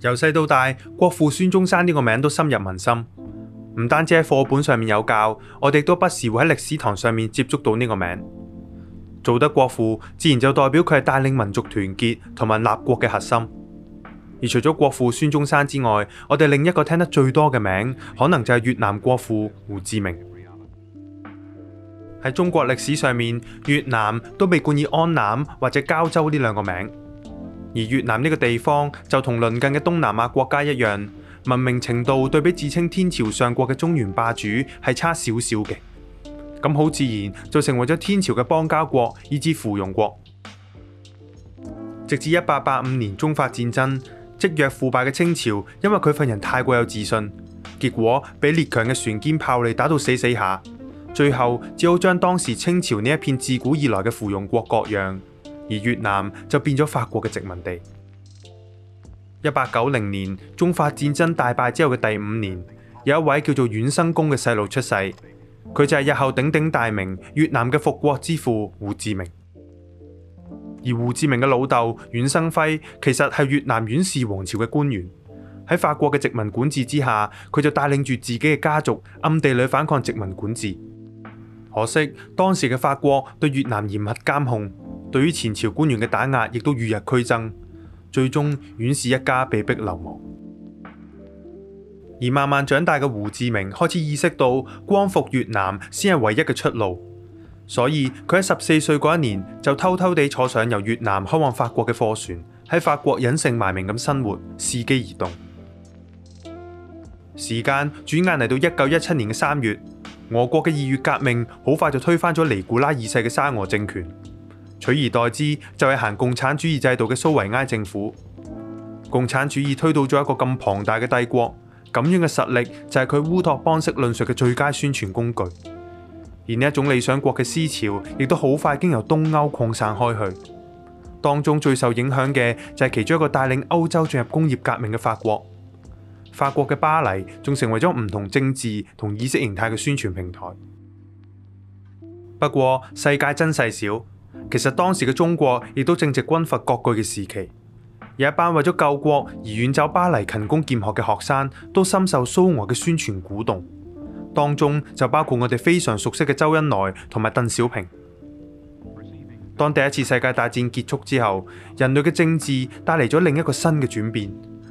由細到大，國父孫中山呢個名都深入民心。唔單止喺課本上面有教，我哋都不時會喺歷史堂上面接觸到呢個名。做得國父，自然就代表佢係帶領民族團結同埋立國嘅核心。而除咗國父孫中山之外，我哋另一個聽得最多嘅名，可能就係越南國父胡志明。喺中國歷史上面，越南都被冠以安南或者交州呢兩個名。而越南呢個地方就同鄰近嘅東南亞國家一樣，文明程度對比自稱天朝上國嘅中原霸主係差少少嘅。咁好自然就成為咗天朝嘅邦交國，以至附庸國。直至一八八五年中法戰爭。積弱腐敗嘅清朝，因為佢份人太過有自信，結果俾列強嘅船堅炮利打到死死下，最後只好將當時清朝呢一片自古以來嘅附庸國割讓，而越南就變咗法國嘅殖民地。一八九零年中法戰爭大敗之後嘅第五年，有一位叫做阮生恭嘅細路出世，佢就係日後鼎鼎大名越南嘅復國之父胡志明。而胡志明嘅老豆阮生輝其實係越南阮氏王朝嘅官員，喺法國嘅殖民管治之下，佢就帶領住自己嘅家族暗地裏反抗殖民管治。可惜當時嘅法國對越南嚴密監控，對於前朝官員嘅打壓亦都與日俱增，最終阮氏一家被逼流亡。而慢慢長大嘅胡志明開始意識到，光復越南先係唯一嘅出路。所以佢喺十四歲嗰一年就偷偷地坐上由越南開往法國嘅貨船，喺法國隱姓埋名咁生活，伺機而動。時間轉眼嚟到一九一七年嘅三月，俄國嘅二月革命好快就推翻咗尼古拉二世嘅沙俄政權，取而代之就係行共產主義制度嘅蘇維埃政府。共產主義推倒咗一個咁龐大嘅帝國，咁樣嘅實力就係佢烏托邦式論述嘅最佳宣傳工具。而呢一種理想國嘅思潮，亦都好快經由東歐擴散開去。當中最受影響嘅就係其中一個帶領歐洲進入工業革命嘅法國。法國嘅巴黎仲成為咗唔同政治同意識形態嘅宣傳平台。不過世界真細小，其實當時嘅中國亦都正值軍閥割據嘅時期。有一班為咗救國而遠走巴黎勤工儉學嘅學生，都深受蘇俄嘅宣傳鼓動。當中就包括我哋非常熟悉嘅周恩來同埋鄧小平。當第一次世界大戰結束之後，人類嘅政治帶嚟咗另一個新嘅轉變，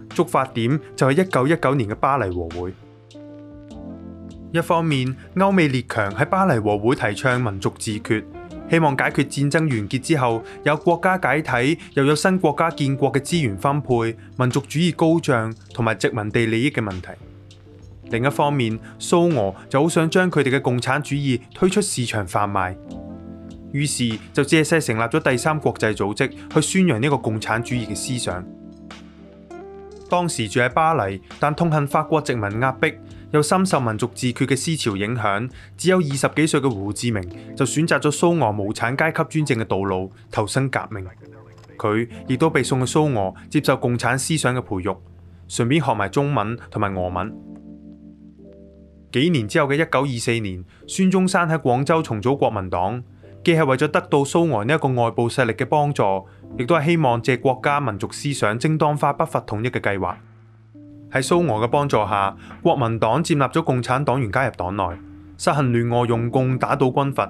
觸發點就係一九一九年嘅巴黎和會。一方面，歐美列強喺巴黎和會提倡民族自決，希望解決戰爭完結之後，有國家解體，又有新國家建國嘅資源分配、民族主義高漲同埋殖民地利益嘅問題。另一方面，蘇俄就好想將佢哋嘅共產主義推出市場販賣，於是就借勢成立咗第三國際組織去宣揚呢個共產主義嘅思想。當時住喺巴黎，但痛恨法國殖民壓迫，又深受民族自決嘅思潮影響，只有二十幾歲嘅胡志明就選擇咗蘇俄無產階級專政嘅道路，投身革命。佢亦都被送去蘇俄接受共產思想嘅培育，順便學埋中文同埋俄文。幾年之後嘅一九二四年，孫中山喺廣州重組國民黨，既係為咗得到蘇俄呢一個外部勢力嘅幫助，亦都係希望借國家民族思想正當化北伐統一嘅計劃。喺蘇俄嘅幫助下，國民黨接納咗共產黨員加入黨內，實行聯俄容共打倒軍閥。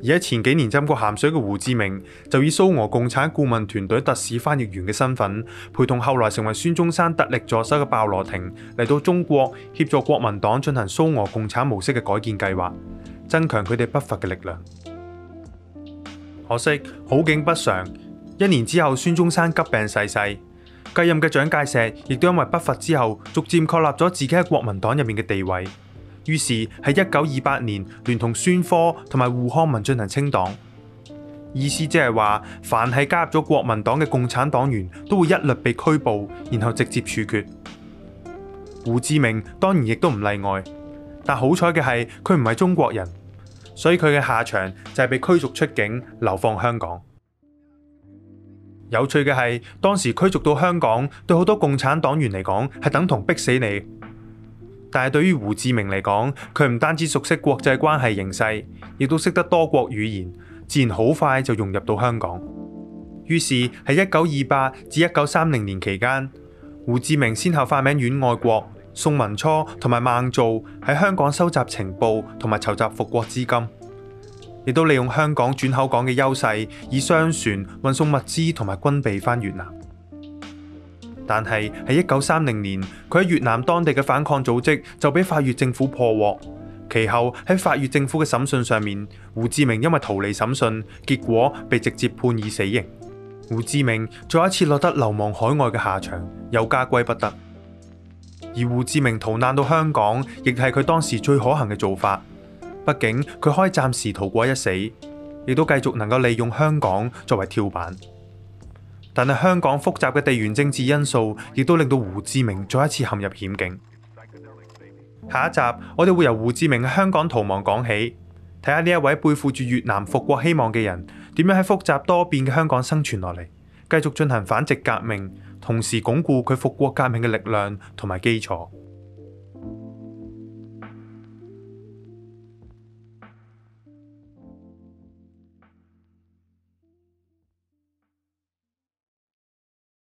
而喺前幾年浸過鹹水嘅胡志明，就以蘇俄共產顧問團隊特使翻譯員嘅身份，陪同後來成為孫中山得力助手嘅鮑羅廷嚟到中國，協助國民黨進行蘇俄共產模式嘅改建計劃，增強佢哋北伐嘅力量。可惜好景不常，一年之後孫中山急病逝世，繼任嘅蔣介石亦都因為北伐之後，逐漸確立咗自己喺國民黨入面嘅地位。於是喺一九二八年，聯同孫科同埋胡漢民進行清黨，意思即係話，凡係加入咗國民黨嘅共產黨員，都會一律被拘捕，然後直接處決。胡志明當然亦都唔例外，但好彩嘅係佢唔係中國人，所以佢嘅下場就係被驅逐出境，流放香港。有趣嘅係，當時驅逐到香港，對好多共產黨員嚟講，係等同逼死你。但係對於胡志明嚟講，佢唔單止熟悉國際關係形勢，亦都識得多國語言，自然好快就融入到香港。於是喺一九二八至一九三零年期間，胡志明先後化名阮愛國、宋文初同埋孟造，喺香港收集情報同埋籌集復國資金，亦都利用香港轉口港嘅優勢，以商船運送物資同埋軍備返越南。但係喺一九三零年，佢喺越南當地嘅反抗組織就俾法越政府破獲。其後喺法越政府嘅審訊上面，胡志明因為逃離審訊，結果被直接判以死刑。胡志明再一次落得流亡海外嘅下場，有家歸不得。而胡志明逃難到香港，亦係佢當時最可行嘅做法。畢竟佢可以暫時逃過一死，亦都繼續能夠利用香港作為跳板。但係香港複雜嘅地緣政治因素，亦都令到胡志明再一次陷入險境。下一集我哋會由胡志明嘅香港逃亡講起，睇下呢一位背負住越南復國希望嘅人，點樣喺複雜多變嘅香港生存落嚟，繼續進行反殖革命，同時鞏固佢復國革命嘅力量同埋基礎。